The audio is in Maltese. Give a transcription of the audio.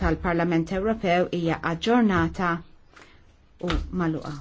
tal-Parlament Ewropew hija aġġornata u maluqa.